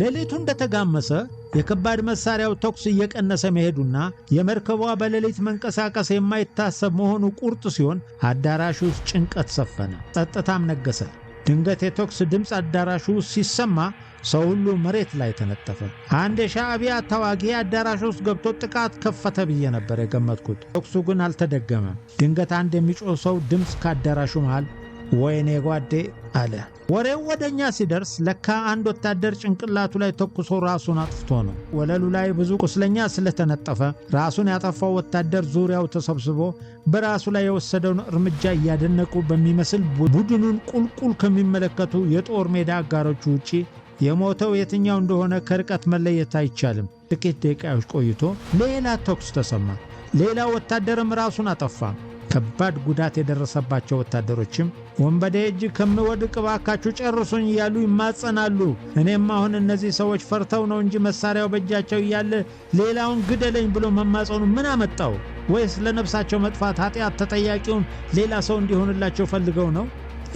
ሌሊቱ እንደተጋመሰ የከባድ መሳሪያው ተኩስ እየቀነሰ መሄዱና የመርከቧ በሌሊት መንቀሳቀስ የማይታሰብ መሆኑ ቁርጥ ሲሆን አዳራሹ ውስጥ ጭንቀት ሰፈነ፣ ጸጥታም ነገሰ። ድንገት የተኩስ ድምፅ አዳራሹ ውስጥ ሲሰማ ሰው ሁሉ መሬት ላይ ተነጠፈ። አንድ የሻዕቢያ ታዋጊ አዳራሽ ውስጥ ገብቶ ጥቃት ከፈተ ብዬ ነበር የገመትኩት። ተኩሱ ግን አልተደገመም። ድንገት አንድ የሚጮህ ሰው ድምፅ ከአዳራሹ መሃል ወይኔ ጓዴ አለ። ወሬው ወደኛ ሲደርስ ለካ አንድ ወታደር ጭንቅላቱ ላይ ተኩሶ ራሱን አጥፍቶ ነው። ወለሉ ላይ ብዙ ቁስለኛ ስለተነጠፈ ራሱን ያጠፋው ወታደር ዙሪያው ተሰብስቦ በራሱ ላይ የወሰደውን እርምጃ እያደነቁ በሚመስል ቡድኑን ቁልቁል ከሚመለከቱ የጦር ሜዳ አጋሮቹ ውጪ የሞተው የትኛው እንደሆነ ከርቀት መለየት አይቻልም። ጥቂት ደቂቃዎች ቆይቶ ሌላ ተኩስ ተሰማ። ሌላ ወታደርም ራሱን አጠፋ። ከባድ ጉዳት የደረሰባቸው ወታደሮችም ወንበዴ እጅ ከምወድቅ እባካችሁ ጨርሱኝ እያሉ ይማጸናሉ። እኔም አሁን እነዚህ ሰዎች ፈርተው ነው እንጂ መሳሪያው በእጃቸው እያለ ሌላውን ግደለኝ ብሎ መማጸኑ ምን አመጣው? ወይስ ለነፍሳቸው መጥፋት ኃጢአት ተጠያቂውን ሌላ ሰው እንዲሆንላቸው ፈልገው ነው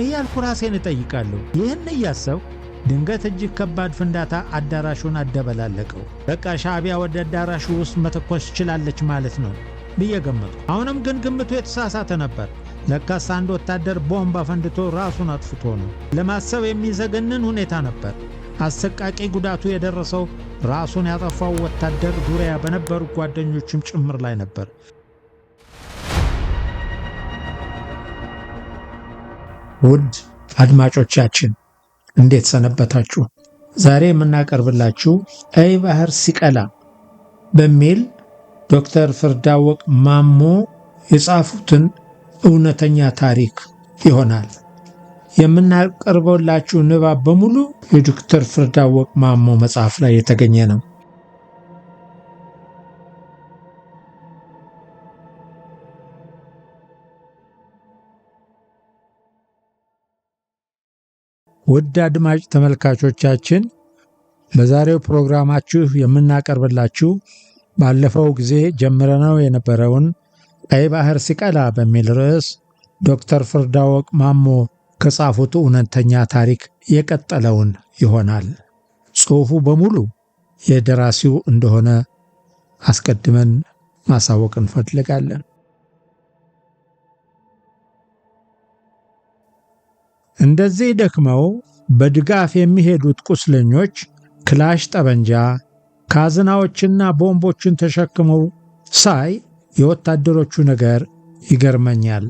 እያልኩ ራሴን እጠይቃለሁ። ይህን እያሰብኩ ድንገት እጅግ ከባድ ፍንዳታ አዳራሹን አደበላለቀው። በቃ ሻዕቢያ ወደ አዳራሹ ውስጥ መተኮስ ችላለች ማለት ነው። ብዬ ገመቱ። አሁንም ግን ግምቱ የተሳሳተ ነበር። ለካስ አንድ ወታደር ቦምብ አፈንድቶ ራሱን አጥፍቶ ነው። ለማሰብ የሚዘገንን ሁኔታ ነበር። አሰቃቂ ጉዳቱ የደረሰው ራሱን ያጠፋው ወታደር ዙሪያ በነበሩ ጓደኞችም ጭምር ላይ ነበር። ውድ አድማጮቻችን እንዴት ሰነበታችሁ? ዛሬ የምናቀርብላችሁ ቀይ ባህር ሲቀላ በሚል ዶክተር ፍርዳወቅ ማሞ የጻፉትን እውነተኛ ታሪክ ይሆናል። የምናቀርበላችሁ ንባብ በሙሉ የዶክተር ፍርዳወቅ ማሞ መጽሐፍ ላይ የተገኘ ነው። ውድ አድማጭ ተመልካቾቻችን በዛሬው ፕሮግራማችሁ የምናቀርብላችሁ ባለፈው ጊዜ ጀምረነው የነበረውን ቀይ ባህር ሲቀላ በሚል ርዕስ ዶክተር ፍርዳወቅ ማሞ ከጻፉት እውነተኛ ታሪክ የቀጠለውን ይሆናል። ጽሑፉ በሙሉ የደራሲው እንደሆነ አስቀድመን ማሳወቅ እንፈልጋለን። እንደዚህ ደክመው በድጋፍ የሚሄዱት ቁስለኞች ክላሽ ጠበንጃ ካዝናዎችና ቦምቦችን ተሸክመው ሳይ የወታደሮቹ ነገር ይገርመኛል።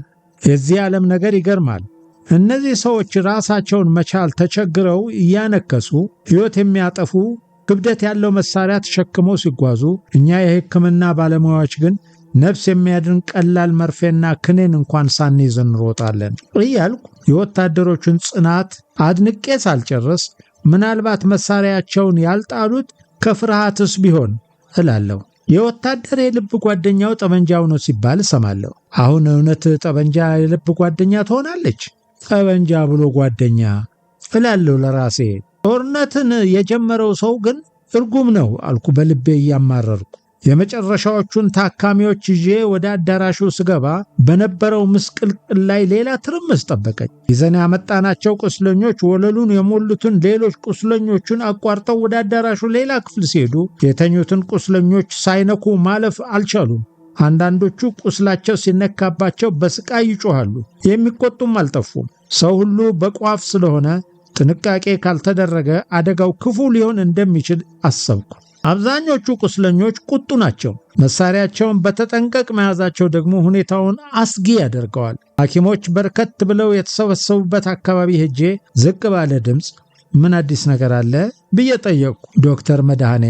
የዚህ ዓለም ነገር ይገርማል። እነዚህ ሰዎች ራሳቸውን መቻል ተቸግረው እያነከሱ ሕይወት የሚያጠፉ ክብደት ያለው መሳሪያ ተሸክመው ሲጓዙ፣ እኛ የሕክምና ባለሙያዎች ግን ነፍስ የሚያድን ቀላል መርፌና ክኔን እንኳን ሳንይዝ እንሮጣለን እያልኩ የወታደሮቹን ጽናት አድንቄ ሳልጨርስ ምናልባት መሳሪያቸውን ያልጣሉት ከፍርሃትስ ቢሆን እላለሁ። የወታደር የልብ ጓደኛው ጠመንጃው ነው ሲባል እሰማለሁ። አሁን እውነት ጠመንጃ የልብ ጓደኛ ትሆናለች? ጠመንጃ ብሎ ጓደኛ እላለሁ ለራሴ። ጦርነትን የጀመረው ሰው ግን እርጉም ነው አልኩ በልቤ እያማረርኩ። የመጨረሻዎቹን ታካሚዎች ይዤ ወደ አዳራሹ ስገባ በነበረው ምስቅልቅል ላይ ሌላ ትርምስ ጠበቀኝ። ይዘን ያመጣናቸው ቁስለኞች ወለሉን የሞሉትን ሌሎች ቁስለኞቹን አቋርጠው ወደ አዳራሹ ሌላ ክፍል ሲሄዱ የተኙትን ቁስለኞች ሳይነኩ ማለፍ አልቻሉም። አንዳንዶቹ ቁስላቸው ሲነካባቸው በስቃይ ይጮኋሉ። የሚቆጡም አልጠፉም። ሰው ሁሉ በቋፍ ስለሆነ ጥንቃቄ ካልተደረገ አደጋው ክፉ ሊሆን እንደሚችል አሰብኩ። አብዛኞቹ ቁስለኞች ቁጡ ናቸው። መሳሪያቸውን በተጠንቀቅ መያዛቸው ደግሞ ሁኔታውን አስጊ ያደርገዋል። ሐኪሞች በርከት ብለው የተሰበሰቡበት አካባቢ ሄጄ ዝቅ ባለ ድምፅ ምን አዲስ ነገር አለ ብዬ ጠየቅኩ። ዶክተር መድኃኔ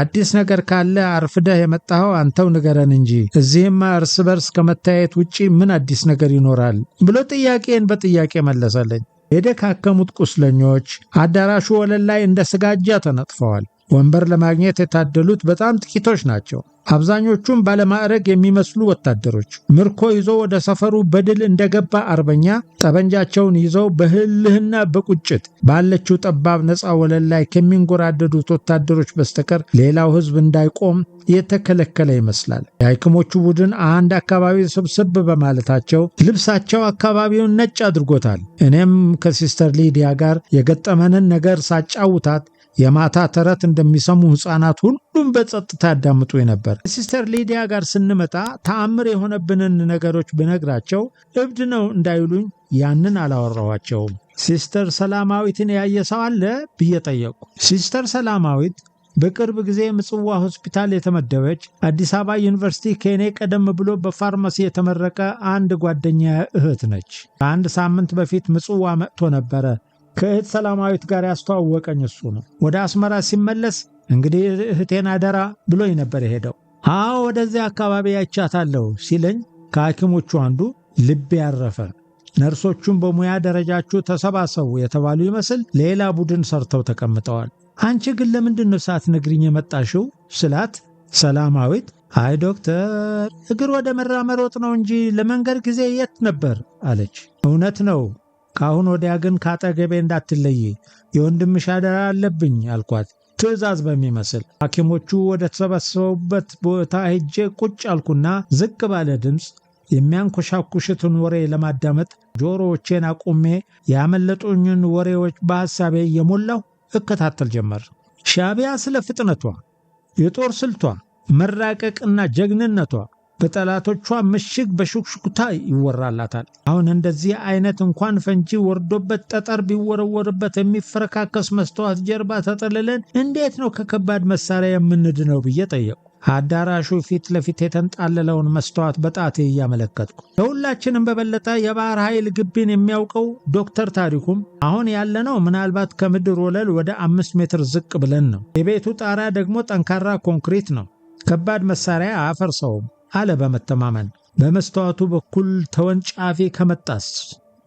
አዲስ ነገር ካለ አርፍደህ የመጣኸው አንተው ንገረን እንጂ እዚህማ እርስ በርስ ከመታየት ውጪ ምን አዲስ ነገር ይኖራል ብሎ ጥያቄን በጥያቄ መለሰልኝ። የደካከሙት ቁስለኞች አዳራሹ ወለል ላይ እንደ ስጋጃ ተነጥፈዋል። ወንበር ለማግኘት የታደሉት በጣም ጥቂቶች ናቸው። አብዛኞቹም ባለማዕረግ የሚመስሉ ወታደሮች ምርኮ ይዞ ወደ ሰፈሩ በድል እንደገባ አርበኛ ጠበንጃቸውን ይዘው በህልህና በቁጭት ባለችው ጠባብ ነፃ ወለል ላይ ከሚንጎራደዱት ወታደሮች በስተቀር ሌላው ህዝብ እንዳይቆም የተከለከለ ይመስላል። የሐኪሞቹ ቡድን አንድ አካባቢ ስብስብ በማለታቸው ልብሳቸው አካባቢውን ነጭ አድርጎታል። እኔም ከሲስተር ሊዲያ ጋር የገጠመንን ነገር ሳጫውታት የማታ ተረት እንደሚሰሙ ህፃናት ሁሉም በጸጥታ ያዳምጡ ነበር። ሲስተር ሊዲያ ጋር ስንመጣ ተአምር የሆነብንን ነገሮች ብነግራቸው እብድ ነው እንዳይሉኝ ያንን አላወራኋቸውም። ሲስተር ሰላማዊትን ያየ ሰው አለ ብዬ ጠየቁ። ሲስተር ሰላማዊት በቅርብ ጊዜ ምጽዋ ሆስፒታል የተመደበች አዲስ አበባ ዩኒቨርሲቲ ከኔ ቀደም ብሎ በፋርማሲ የተመረቀ አንድ ጓደኛ እህት ነች። ከአንድ ሳምንት በፊት ምጽዋ መጥቶ ነበረ ከእህት ሰላማዊት ጋር ያስተዋወቀኝ እሱ ነው። ወደ አስመራ ሲመለስ እንግዲህ እህቴን አደራ ብሎኝ ነበር የሄደው። አዎ ወደዚያ አካባቢ ያቻታለሁ ሲለኝ ከሐኪሞቹ አንዱ ልብ ያረፈ ነርሶቹም በሙያ ደረጃችሁ ተሰባሰቡ የተባሉ ይመስል ሌላ ቡድን ሰርተው ተቀምጠዋል። አንቺ ግን ለምንድን ነው ሳትነግሪኝ የመጣሽው ስላት ሰላማዊት አይ ዶክተር፣ እግር ወደ መራመሮጥ ነው እንጂ ለመንገድ ጊዜ የት ነበር አለች። እውነት ነው ከአሁን ወዲያ ግን ከአጠገቤ እንዳትለይ የወንድምሽ አደራ አለብኝ አልኳት። ትዕዛዝ በሚመስል ሐኪሞቹ ወደ ተሰበሰቡበት ቦታ ሄጄ ቁጭ አልኩና ዝቅ ባለ ድምፅ የሚያንኮሻኩሽትን ወሬ ለማዳመጥ ጆሮዎቼን አቁሜ ያመለጡኝን ወሬዎች በሐሳቤ እየሞላሁ እከታተል ጀመር። ሻቢያ ስለ ፍጥነቷ፣ የጦር ስልቷ፣ መራቀቅና ጀግንነቷ በጠላቶቿ ምሽግ በሹክሹክታ ይወራላታል። አሁን እንደዚህ አይነት እንኳን ፈንጂ ወርዶበት ጠጠር ቢወረወርበት የሚፈረካከስ መስተዋት ጀርባ ተጠልለን እንዴት ነው ከከባድ መሳሪያ የምንድነው ብዬ ጠየቁ። አዳራሹ ፊት ለፊት የተንጣለለውን መስተዋት በጣቴ እያመለከትኩ ከሁላችንም በበለጠ የባህር ኃይል ግቢን የሚያውቀው ዶክተር ታሪኩም አሁን ያለነው ምናልባት ከምድር ወለል ወደ አምስት ሜትር ዝቅ ብለን ነው። የቤቱ ጣሪያ ደግሞ ጠንካራ ኮንክሪት ነው። ከባድ መሳሪያ አያፈርሰውም። አለ በመተማመን በመስተዋቱ በኩል ተወንጫፊ ከመጣስ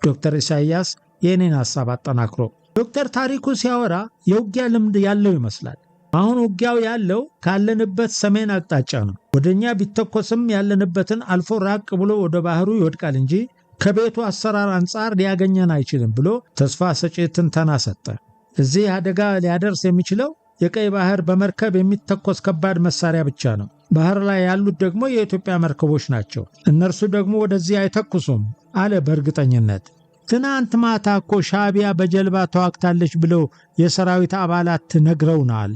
ዶክተር ኢሳይያስ የእኔን ሐሳብ አጠናክሮ ዶክተር ታሪኩ ሲያወራ የውጊያ ልምድ ያለው ይመስላል። አሁን ውጊያው ያለው ካለንበት ሰሜን አቅጣጫ ነው። ወደ እኛ ቢተኮስም ያለንበትን አልፎ ራቅ ብሎ ወደ ባህሩ ይወድቃል እንጂ ከቤቱ አሰራር አንጻር ሊያገኘን አይችልም ብሎ ተስፋ ሰጪ ትንተና ሰጠ። እዚህ አደጋ ሊያደርስ የሚችለው የቀይ ባህር በመርከብ የሚተኮስ ከባድ መሳሪያ ብቻ ነው። ባህር ላይ ያሉት ደግሞ የኢትዮጵያ መርከቦች ናቸው። እነርሱ ደግሞ ወደዚህ አይተኩሱም አለ በእርግጠኝነት። ትናንት ማታ እኮ ሻቢያ በጀልባ ተዋግታለች ብለው የሰራዊት አባላት ነግረውናል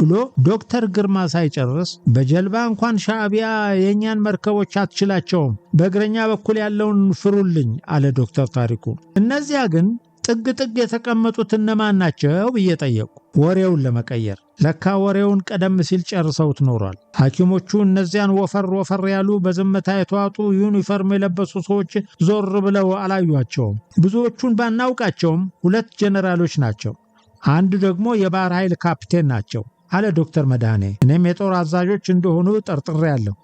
ብሎ ዶክተር ግርማ ሳይጨርስ በጀልባ እንኳን ሻቢያ የእኛን መርከቦች አትችላቸውም፣ በእግረኛ በኩል ያለውን ፍሩልኝ አለ ዶክተር ታሪኩ። እነዚያ ግን ጥግ ጥግ የተቀመጡት እነማን ናቸው ብዬ ጠየቁ። ወሬውን ለመቀየር ለካ ወሬውን ቀደም ሲል ጨርሰውት ኖሯል። ሐኪሞቹ እነዚያን ወፈር ወፈር ያሉ በዝምታ የተዋጡ ዩኒፎርም የለበሱ ሰዎች ዞር ብለው አላዩቸውም። ብዙዎቹን ባናውቃቸውም ሁለት ጀነራሎች ናቸው። አንዱ ደግሞ የባህር ኃይል ካፕቴን ናቸው አለ ዶክተር መድኃኔ። እኔም የጦር አዛዦች እንደሆኑ ጠርጥሬ ያለሁ።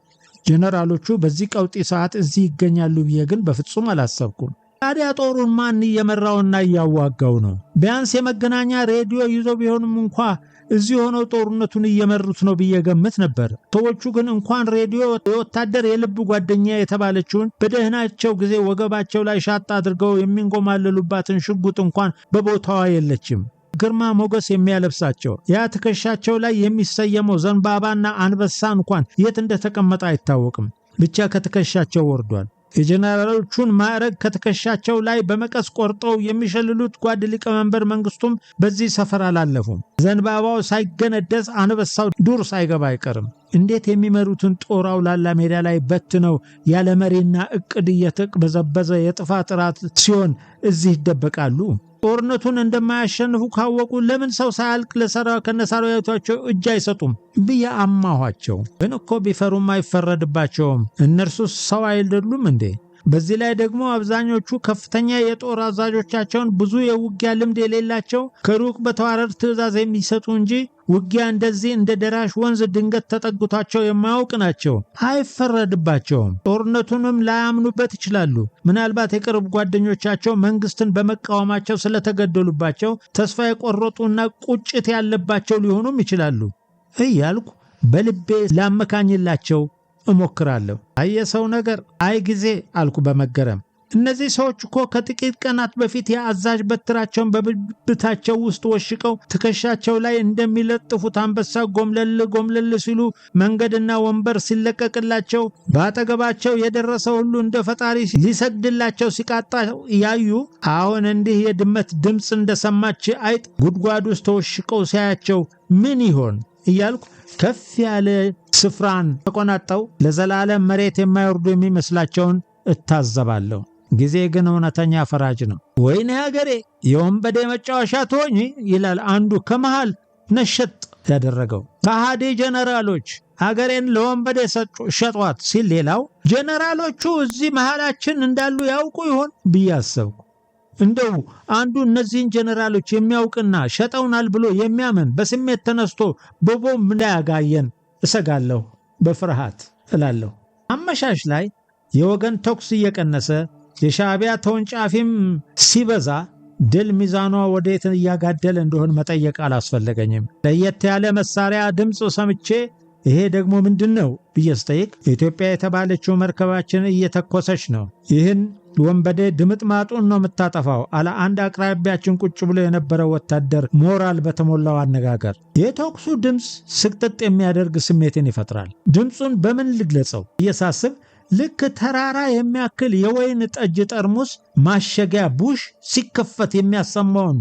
ጀነራሎቹ በዚህ ቀውጢ ሰዓት እዚህ ይገኛሉ ብዬ ግን በፍጹም አላሰብኩም። ታዲያ ጦሩን ማን እየመራውና እያዋጋው ነው? ቢያንስ የመገናኛ ሬዲዮ ይዞ ቢሆንም እንኳ እዚህ ሆነው ጦርነቱን እየመሩት ነው ብዬ ገምት ነበር። ሰዎቹ ግን እንኳን ሬዲዮ የወታደር የልብ ጓደኛ የተባለችውን በደህናቸው ጊዜ ወገባቸው ላይ ሻጣ አድርገው የሚንጎማለሉባትን ሽጉጥ እንኳን በቦታዋ የለችም። ግርማ ሞገስ የሚያለብሳቸው ያ ትከሻቸው ላይ የሚሰየመው ዘንባባና አንበሳ እንኳን የት እንደተቀመጠ አይታወቅም። ብቻ ከትከሻቸው ወርዷል። የጀነራሎቹን ማዕረግ ከትከሻቸው ላይ በመቀስ ቆርጠው የሚሸልሉት ጓድ ሊቀመንበር መንግስቱም በዚህ ሰፈር አላለፉም። ዘንባባው ሳይገነደስ አንበሳው ዱር ሳይገባ አይቀርም። እንዴት የሚመሩትን ጦር አውላላ ሜዳ ላይ በትነው ያለ መሪና እቅድ እየተቅበዘበዘ የጥፋት ራት ሲሆን እዚህ ይደበቃሉ? ጦርነቱን እንደማያሸንፉ ካወቁ ለምን ሰው ሳያልቅ ከነሰራዊታቸው እጅ አይሰጡም ብዬ አማኋቸው። ግን እኮ ቢፈሩም አይፈረድባቸውም። እነርሱ ሰው አይደሉም እንዴ? በዚህ ላይ ደግሞ አብዛኞቹ ከፍተኛ የጦር አዛዦቻቸውን ብዙ የውጊያ ልምድ የሌላቸው ከሩቅ በተዋረድ ትዕዛዝ የሚሰጡ እንጂ ውጊያ እንደዚህ እንደ ደራሽ ወንዝ ድንገት ተጠግቷቸው የማያውቅ ናቸው። አይፈረድባቸውም። ጦርነቱንም ላያምኑበት ይችላሉ። ምናልባት የቅርብ ጓደኞቻቸው መንግስትን በመቃወማቸው ስለተገደሉባቸው ተስፋ የቆረጡና ቁጭት ያለባቸው ሊሆኑም ይችላሉ እያልኩ በልቤ ላመካኝላቸው እሞክራለሁ። አየሰው ነገር አይ ጊዜ አልኩ በመገረም። እነዚህ ሰዎች እኮ ከጥቂት ቀናት በፊት የአዛዥ በትራቸውን በብብታቸው ውስጥ ወሽቀው ትከሻቸው ላይ እንደሚለጥፉት አንበሳ ጎምለል ጎምለል ሲሉ መንገድና ወንበር ሲለቀቅላቸው በአጠገባቸው የደረሰ ሁሉ እንደ ፈጣሪ ሊሰግድላቸው ሲቃጣ እያዩ አሁን እንዲህ የድመት ድምፅ እንደሰማች አይጥ ጉድጓድ ውስጥ ተወሽቀው ሲያያቸው ምን ይሆን እያልኩ ከፍ ያለ ስፍራን ተቆናጠው ለዘላለም መሬት የማይወርዱ የሚመስላቸውን እታዘባለሁ። ጊዜ ግን እውነተኛ ፈራጅ ነው። ወይኔ ሀገሬ የወንበዴ መጫወሻ ትሆኝ ይላል አንዱ ከመሃል ነሸጥ ያደረገው። ከሃዲ ጀነራሎች አገሬን ለወንበዴ ሸጧት ሲል ሌላው ጀነራሎቹ እዚህ መሃላችን እንዳሉ ያውቁ ይሆን ብዬ አሰብኩ። እንደው አንዱ እነዚህን ጀነራሎች የሚያውቅና ሸጠውናል ብሎ የሚያምን በስሜት ተነስቶ በቦምብ እንዳያጋየን እሰጋለሁ፣ በፍርሃት እላለሁ። አመሻሽ ላይ የወገን ተኩስ እየቀነሰ የሻዕቢያ ተወንጫፊም ሲበዛ ድል ሚዛኗ ወዴት እያጋደለ እንደሆን መጠየቅ አላስፈለገኝም። ለየት ያለ መሳሪያ ድምፅ ሰምቼ ይሄ ደግሞ ምንድን ነው ብዬ ስጠይቅ ኢትዮጵያ የተባለችው መርከባችን እየተኮሰች ነው፣ ይህን ወንበዴ ድምጥማጡን ነው የምታጠፋው አለ አንድ አቅራቢያችን ቁጭ ብሎ የነበረው ወታደር ሞራል በተሞላው አነጋገር። የተኩሱ ድምፅ ስቅጥጥ የሚያደርግ ስሜትን ይፈጥራል። ድምፁን በምን ልግለጸው እየሳስብ! ልክ ተራራ የሚያክል የወይን ጠጅ ጠርሙስ ማሸጊያ ቡሽ ሲከፈት የሚያሰማውን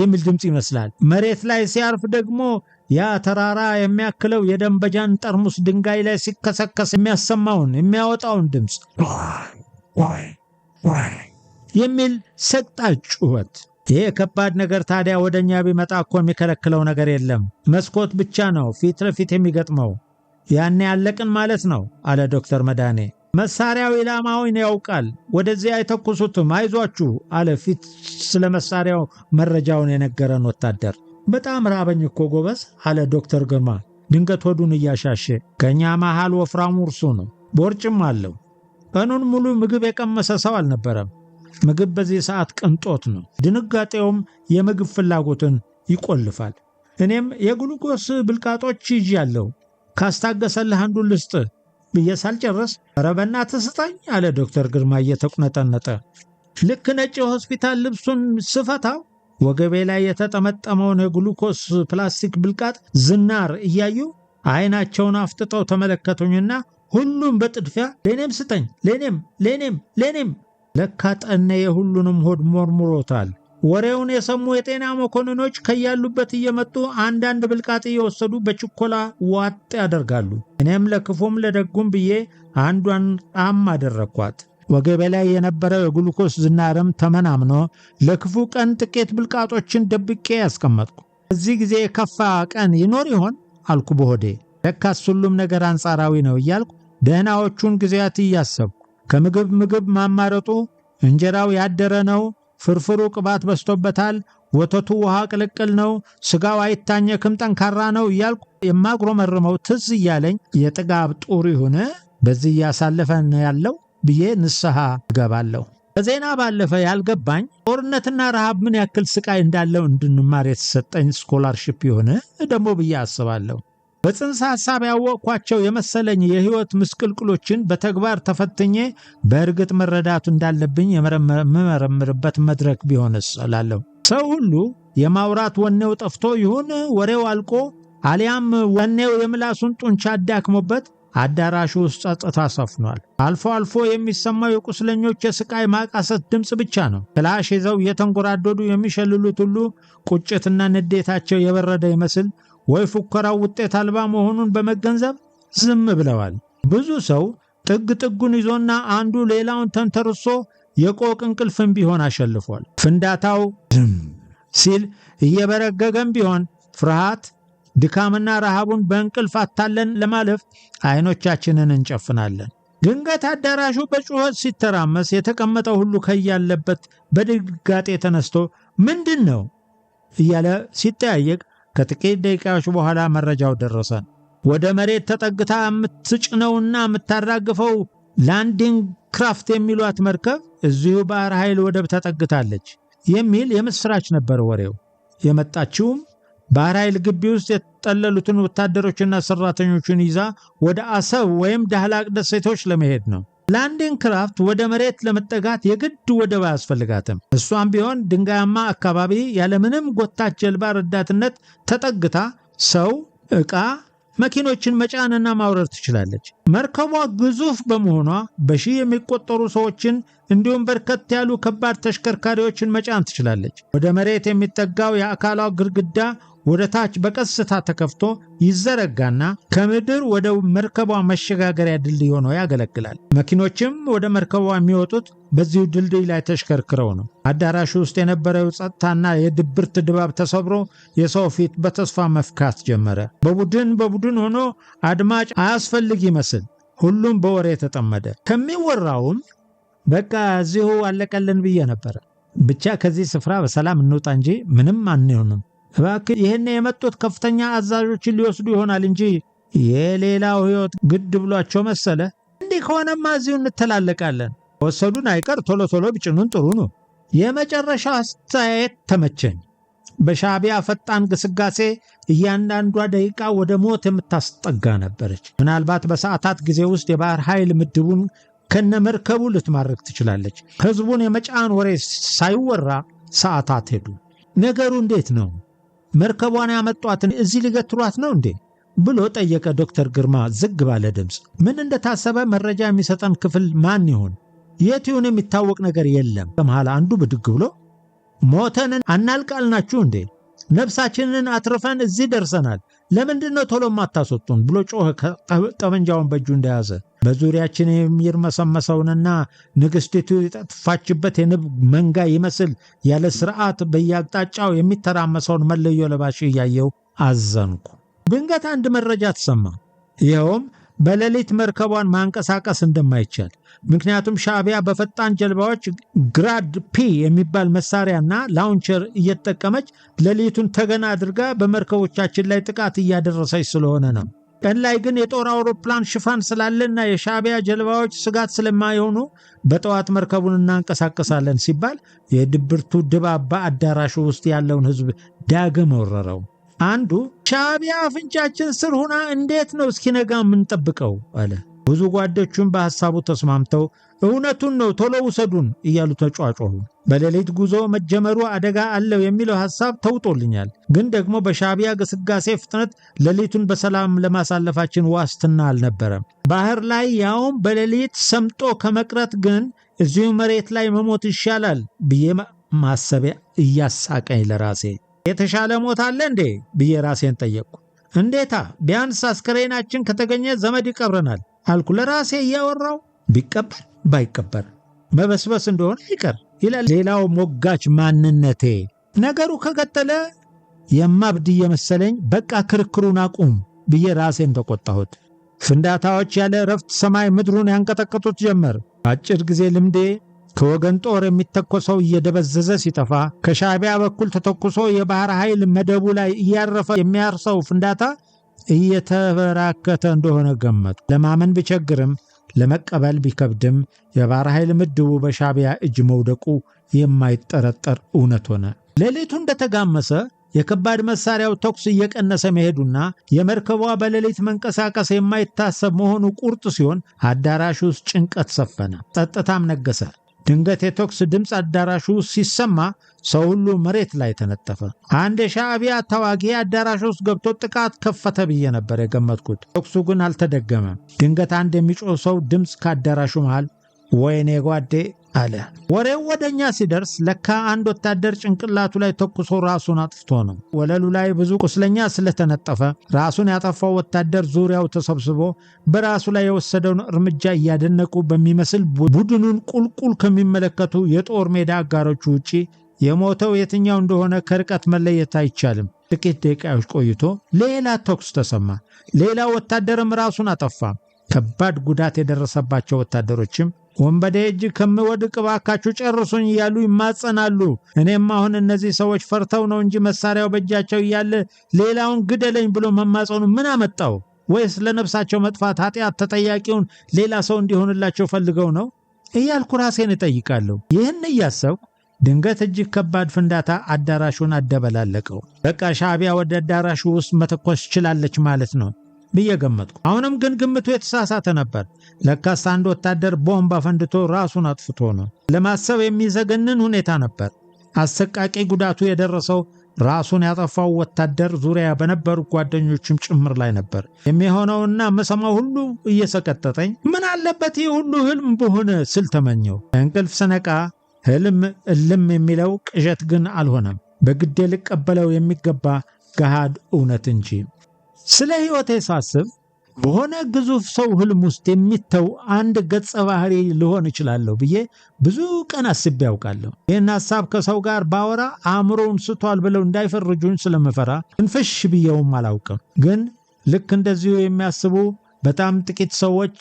የሚል ድምፅ ይመስላል። መሬት ላይ ሲያርፍ ደግሞ ያ ተራራ የሚያክለው የደንበጃን ጠርሙስ ድንጋይ ላይ ሲከሰከስ የሚያሰማውን የሚያወጣውን ድምፅ የሚል ሰቅጣጭ ጩኸት። ይሄ ከባድ ነገር ታዲያ ወደ እኛ ቢመጣ እኮ የሚከለክለው ነገር የለም፣ መስኮት ብቻ ነው ፊት ለፊት የሚገጥመው። ያኔ ያለቅን ማለት ነው አለ ዶክተር መዳኔ። መሳሪያው ኢላማውን ያውቃል፣ ወደዚህ አይተኩሱትም፣ አይዟችሁ አለ ፊት ስለ መሳሪያው መረጃውን የነገረን ወታደር። በጣም ራበኝ እኮ ጎበዝ አለ ዶክተር ግርማ ድንገት ሆዱን እያሻሸ። ከእኛ መሃል ወፍራሙ እርሱ ነው፣ ቦርጭም አለው። ቀኑን ሙሉ ምግብ የቀመሰ ሰው አልነበረም። ምግብ በዚህ ሰዓት ቅንጦት ነው። ድንጋጤውም የምግብ ፍላጎትን ይቆልፋል። እኔም የግሉኮስ ብልቃጦች ይዤ አለው ካስታገሰልህ አንዱን ልስጥ ብዬ ሳልጨርስ ኧረ በእናትህ ስጠኝ አለ ዶክተር ግርማ እየተቁነጠነጠ ልክ ነጭ የሆስፒታል ልብሱን ስፈታው ወገቤ ላይ የተጠመጠመውን የግሉኮስ ፕላስቲክ ብልቃጥ ዝናር እያዩ አይናቸውን አፍጥጠው ተመለከቱኝና ሁሉም በጥድፊያ ለእኔም ስጠኝ፣ ለእኔም፣ ለእኔም፣ ለእኔም። ለካ የሁሉንም ሆድ ሞርሙሮታል። ወሬውን የሰሙ የጤና መኮንኖች ከያሉበት እየመጡ አንዳንድ ብልቃጥ እየወሰዱ በችኮላ ዋጥ ያደርጋሉ። እኔም ለክፉም ለደጉም ብዬ አንዷን ጣም አደረግኳት። ወገቤ ላይ የነበረው የግሉኮስ ዝናርም ተመናምኖ ለክፉ ቀን ጥቂት ብልቃጦችን ደብቄ ያስቀመጥኩ። በዚህ ጊዜ የከፋ ቀን ይኖር ይሆን አልኩ በሆዴ። ለካስ ሁሉም ነገር አንጻራዊ ነው እያልኩ ደህናዎቹን ጊዜያት እያሰብኩ ከምግብ ምግብ ማማረጡ፣ እንጀራው ያደረ ነው፣ ፍርፍሩ ቅባት በስቶበታል፣ ወተቱ ውሃ ቅልቅል ነው፣ ስጋው አይታኘክም፣ ጠንካራ ነው እያልኩ የማጉረመርመው ትዝ እያለኝ የጥጋብ ጡር ይሁን በዚህ እያሳለፈን ያለው ብዬ ንስሐ እገባለሁ። ከዜና ባለፈ ያልገባኝ ጦርነትና ረሃብ ምን ያክል ስቃይ እንዳለው እንድንማር የተሰጠኝ ስኮላርሽፕ የሆነ ደግሞ ብዬ አስባለሁ። በጽንሰ ሐሳብ ያወቅኳቸው የመሰለኝ የህይወት ምስቅልቅሎችን በተግባር ተፈትኜ በእርግጥ መረዳቱ እንዳለብኝ የምመረምርበት መድረክ ቢሆንስ እላለሁ። ሰው ሁሉ የማውራት ወኔው ጠፍቶ ይሁን ወሬው አልቆ አሊያም ወኔው የምላሱን ጡንቻ አዳክሞበት አዳራሹ ውስጥ ጸጥታ ሰፍኗል። አልፎ አልፎ የሚሰማው የቁስለኞች የስቃይ ማቃሰት ድምፅ ብቻ ነው። ክላሽ ይዘው እየተንጎራደዱ የሚሸልሉት ሁሉ ቁጭትና ንዴታቸው የበረደ ይመስል ወይ ፉከራው ውጤት አልባ መሆኑን በመገንዘብ ዝም ብለዋል። ብዙ ሰው ጥግ ጥጉን ይዞና አንዱ ሌላውን ተንተርሶ የቆቅ እንቅልፍም ቢሆን አሸልፏል። ፍንዳታው ድም ሲል እየበረገገም ቢሆን ፍርሃት ድካምና ረሃቡን በእንቅልፍ አታለን ለማለፍ አይኖቻችንን እንጨፍናለን። ድንገት አዳራሹ በጩኸት ሲተራመስ የተቀመጠ ሁሉ ከያለበት በድንጋጤ ተነስቶ ምንድን ነው እያለ ሲጠያየቅ ከጥቂት ደቂቃዎች በኋላ መረጃው ደረሰን። ወደ መሬት ተጠግታ የምትጭነውና የምታራግፈው ላንዲንግ ክራፍት የሚሏት መርከብ እዚሁ ባህር ኃይል ወደብ ተጠግታለች የሚል የምስራች ነበር ወሬው። የመጣችውም ባህር ኃይል ግቢ ውስጥ የተጠለሉትን ወታደሮችና ሰራተኞችን ይዛ ወደ አሰብ ወይም ዳህላቅ ደሴቶች ለመሄድ ነው። ላንዲንግ ክራፍት ወደ መሬት ለመጠጋት የግድ ወደብ አያስፈልጋትም። እሷም ቢሆን ድንጋያማ አካባቢ ያለምንም ጎታች ጀልባ ረዳትነት ተጠግታ ሰው፣ ዕቃ፣ መኪኖችን መጫንና ማውረድ ትችላለች። መርከቧ ግዙፍ በመሆኗ በሺህ የሚቆጠሩ ሰዎችን እንዲሁም በርከት ያሉ ከባድ ተሽከርካሪዎችን መጫን ትችላለች። ወደ መሬት የሚጠጋው የአካሏ ግድግዳ ወደ ታች በቀስታ ተከፍቶ ይዘረጋና ከምድር ወደ መርከቧ መሸጋገሪያ ድልድይ ሆኖ ያገለግላል። መኪኖችም ወደ መርከቧ የሚወጡት በዚሁ ድልድይ ላይ ተሽከርክረው ነው። አዳራሹ ውስጥ የነበረው ጸጥታና የድብርት ድባብ ተሰብሮ የሰው ፊት በተስፋ መፍካት ጀመረ። በቡድን በቡድን ሆኖ አድማጭ አያስፈልግ ይመስል ሁሉም በወሬ ተጠመደ። ከሚወራውም በቃ እዚሁ አለቀልን ብዬ ነበረ ብቻ ከዚህ ስፍራ በሰላም እንውጣ እንጂ ምንም አንሆንም እባክህ ይህን የመጡት ከፍተኛ አዛዦችን ሊወስዱ ይሆናል እንጂ የሌላው ሕይወት ግድ ብሏቸው መሰለ። እንዲህ ከሆነማ እዚሁ እንተላለቃለን። ወሰዱን አይቀር ቶሎ ቶሎ ቢጭኑን ጥሩ ነው። የመጨረሻ አስተያየት ተመቸኝ። በሻቢያ ፈጣን ግስጋሴ እያንዳንዷ ደቂቃ ወደ ሞት የምታስጠጋ ነበረች። ምናልባት በሰዓታት ጊዜ ውስጥ የባህር ኃይል ምድቡን ከነ መርከቡ ልትማርክ ትችላለች። ህዝቡን የመጫን ወሬ ሳይወራ ሰዓታት ሄዱ። ነገሩ እንዴት ነው? መርከቧን ያመጧትን እዚህ ሊገትሯት ነው እንዴ ብሎ ጠየቀ ዶክተር ግርማ ዝግ ባለ ድምፅ። ምን እንደታሰበ መረጃ የሚሰጠን ክፍል ማን ይሆን? የት ይሁን የሚታወቅ ነገር የለም። በመሃል አንዱ ብድግ ብሎ ሞተንን አናልቃልናችሁ እንዴ? ነፍሳችንን አትርፈን እዚህ ደርሰናል። ለምንድን ነው ቶሎ ማታስወጡን ብሎ ጮኸ፣ ጠመንጃውን በእጁ እንደያዘ። በዙሪያችን የሚርመሰመሰውንና ንግሥቲቱ የጠፋችበት የንብ መንጋ ይመስል ያለ ስርዓት በየአቅጣጫው የሚተራመሰውን መለዮ ለባሽ እያየው አዘንኩ። ድንገት አንድ መረጃ ተሰማ። ይኸውም በሌሊት መርከቧን ማንቀሳቀስ እንደማይቻል ምክንያቱም ሻዕቢያ በፈጣን ጀልባዎች ግራድ ፒ የሚባል መሳሪያና ላውንቸር እየተጠቀመች ሌሊቱን ተገና አድርጋ በመርከቦቻችን ላይ ጥቃት እያደረሰች ስለሆነ ነው። ቀን ላይ ግን የጦር አውሮፕላን ሽፋን ስላለና የሻዕቢያ ጀልባዎች ስጋት ስለማይሆኑ በጠዋት መርከቡን እናንቀሳቀሳለን ሲባል የድብርቱ ድባብ በአዳራሹ ውስጥ ያለውን ሕዝብ ዳግም ወረረው። አንዱ ሻቢያ አፍንጫችን ስር ሆና እንዴት ነው እስኪነጋ የምንጠብቀው አለ። ብዙ ጓዶቹም በሐሳቡ ተስማምተው እውነቱን ነው ቶሎ ውሰዱን እያሉ ተጫጫሉ። በሌሊት ጉዞ መጀመሩ አደጋ አለው የሚለው ሐሳብ ተውጦልኛል። ግን ደግሞ በሻቢያ ግስጋሴ ፍጥነት ሌሊቱን በሰላም ለማሳለፋችን ዋስትና አልነበረም። ባህር ላይ ያውም በሌሊት ሰምጦ ከመቅረት ግን እዚሁ መሬት ላይ መሞት ይሻላል ብዬ ማሰቢያ እያሳቀኝ ለራሴ የተሻለ ሞት አለ እንዴ ብዬ ራሴን ጠየቅኩ። እንዴታ ቢያንስ አስከሬናችን ከተገኘ ዘመድ ይቀብረናል አልኩ ለራሴ እያወራው ቢቀበር ባይቀበር መበስበስ እንደሆነ ይቀር ይላል ሌላው ሞጋች ማንነቴ። ነገሩ ከቀጠለ የማብድ እየመሰለኝ በቃ ክርክሩን አቁም ብዬ ራሴን ተቆጣሁት። ፍንዳታዎች ያለ እረፍት ሰማይ ምድሩን ያንቀጠቀጡት ጀመር። በአጭር ጊዜ ልምዴ ከወገን ጦር የሚተኮሰው እየደበዘዘ ሲጠፋ ከሻዕቢያ በኩል ተተኩሶ የባህር ኃይል መደቡ ላይ እያረፈ የሚያርሰው ፍንዳታ እየተበራከተ እንደሆነ ገመጡ። ለማመን ቢቸግርም ለመቀበል ቢከብድም የባህር ኃይል ምድቡ በሻዕቢያ እጅ መውደቁ የማይጠረጠር እውነት ሆነ። ሌሊቱ እንደተጋመሰ የከባድ መሳሪያው ተኩስ እየቀነሰ መሄዱና የመርከቧ በሌሊት መንቀሳቀስ የማይታሰብ መሆኑ ቁርጥ ሲሆን፣ አዳራሽ ውስጥ ጭንቀት ሰፈነ፣ ጸጥታም ነገሰ። ድንገት የተኩስ ድምፅ አዳራሹ ሲሰማ ሰው ሁሉ መሬት ላይ ተነጠፈ። አንድ የሻዕቢያ ተዋጊ አዳራሽ ውስጥ ገብቶ ጥቃት ከፈተ ብዬ ነበር የገመትኩት። ተኩሱ ግን አልተደገመም። ድንገት አንድ የሚጮህ ሰው ድምፅ ከአዳራሹ መሃል ወይኔ ጓዴ አለ። ወሬው ወደ እኛ ሲደርስ ለካ አንድ ወታደር ጭንቅላቱ ላይ ተኩሶ ራሱን አጥፍቶ ነው። ወለሉ ላይ ብዙ ቁስለኛ ስለተነጠፈ ራሱን ያጠፋው ወታደር ዙሪያው ተሰብስቦ በራሱ ላይ የወሰደውን እርምጃ እያደነቁ በሚመስል ቡድኑን ቁልቁል ከሚመለከቱ የጦር ሜዳ አጋሮቹ ውጪ የሞተው የትኛው እንደሆነ ከርቀት መለየት አይቻልም። ጥቂት ደቂቃዎች ቆይቶ ሌላ ተኩስ ተሰማ። ሌላ ወታደርም ራሱን አጠፋ። ከባድ ጉዳት የደረሰባቸው ወታደሮችም ወንበዴ እጅ ከምወድቅ ባካችሁ ጨርሱኝ እያሉ ይማጸናሉ። እኔም አሁን እነዚህ ሰዎች ፈርተው ነው እንጂ መሳሪያው በእጃቸው እያለ ሌላውን ግደለኝ ብሎ መማጸኑ ምን አመጣው? ወይስ ለነፍሳቸው መጥፋት ኃጢአት ተጠያቂውን ሌላ ሰው እንዲሆንላቸው ፈልገው ነው እያልኩ ራሴን እጠይቃለሁ። ይህን እያሰብኩ ድንገት እጅግ ከባድ ፍንዳታ አዳራሹን አደበላለቀው። በቃ ሻዕቢያ ወደ አዳራሹ ውስጥ መተኮስ ችላለች ማለት ነው። ብዬ ገመጥኩ። አሁንም ግን ግምቱ የተሳሳተ ነበር። ለካስ አንድ ወታደር ቦምብ አፈንድቶ ራሱን አጥፍቶ ነው። ለማሰብ የሚዘገንን ሁኔታ ነበር። አሰቃቂ ጉዳቱ የደረሰው ራሱን ያጠፋው ወታደር ዙሪያ በነበሩ ጓደኞችም ጭምር ላይ ነበር። የሚሆነውና መሰማው ሁሉ እየሰቀጠጠኝ ምን አለበት ይህ ሁሉ ህልም በሆነ ስል ተመኘው። እንቅልፍ ስነቃ ህልም እልም የሚለው ቅዠት ግን አልሆነም። በግዴ ልቀበለው የሚገባ ገሃድ እውነት እንጂ ስለ ሕይወቴ ሳስብ በሆነ ግዙፍ ሰው ህልም ውስጥ የሚተው አንድ ገጸ ባህሪ ልሆን እችላለሁ ብዬ ብዙ ቀን አስቤ ያውቃለሁ። ይህን ሀሳብ ከሰው ጋር ባወራ አእምሮውን ስቷል ብለው እንዳይፈርጁኝ ስለምፈራ ትንፍሽ ብየውም አላውቅም። ግን ልክ እንደዚሁ የሚያስቡ በጣም ጥቂት ሰዎች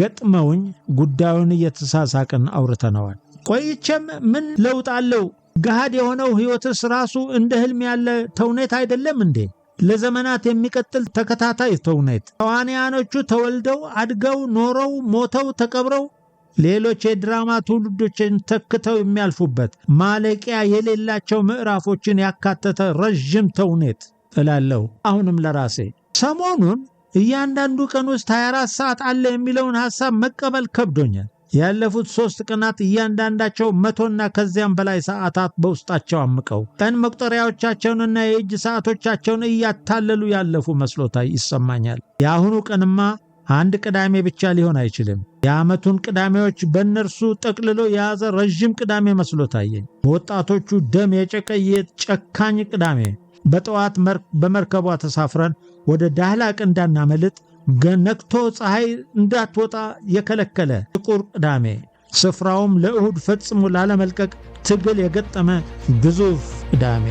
ገጥመውኝ ጉዳዩን እየተሳሳቅን አውርተነዋል። ቆይቼም ምን ለውጥ አለው? ገሃድ የሆነው ሕይወትስ ራሱ እንደ ህልም ያለ ተውኔት አይደለም እንዴ? ለዘመናት የሚቀጥል ተከታታይ ተውኔት ተዋንያኖቹ ተወልደው አድገው ኖረው ሞተው ተቀብረው ሌሎች የድራማ ትውልዶችን ተክተው የሚያልፉበት ማለቂያ የሌላቸው ምዕራፎችን ያካተተ ረዥም ተውኔት እላለሁ። አሁንም ለራሴ ሰሞኑን እያንዳንዱ ቀን ውስጥ 24 ሰዓት አለ የሚለውን ሐሳብ መቀበል ከብዶኛል። ያለፉት ሶስት ቀናት እያንዳንዳቸው መቶና ከዚያም በላይ ሰዓታት በውስጣቸው አምቀው ቀን መቁጠሪያዎቻቸውንና የእጅ ሰዓቶቻቸውን እያታለሉ ያለፉ መስሎታ ይሰማኛል። የአሁኑ ቀንማ አንድ ቅዳሜ ብቻ ሊሆን አይችልም። የዓመቱን ቅዳሜዎች በእነርሱ ጠቅልሎ የያዘ ረዥም ቅዳሜ መስሎ ታየኝ። በወጣቶቹ ደም የጨቀየ ጨካኝ ቅዳሜ። በጠዋት በመርከቧ ተሳፍረን ወደ ዳህላቅ እንዳናመልጥ ነቅቶ ፀሐይ እንዳትወጣ የከለከለ ጥቁር ቅዳሜ ስፍራውም ለእሁድ ፈጽሞ ላለመልቀቅ ትግል የገጠመ ግዙፍ ቅዳሜ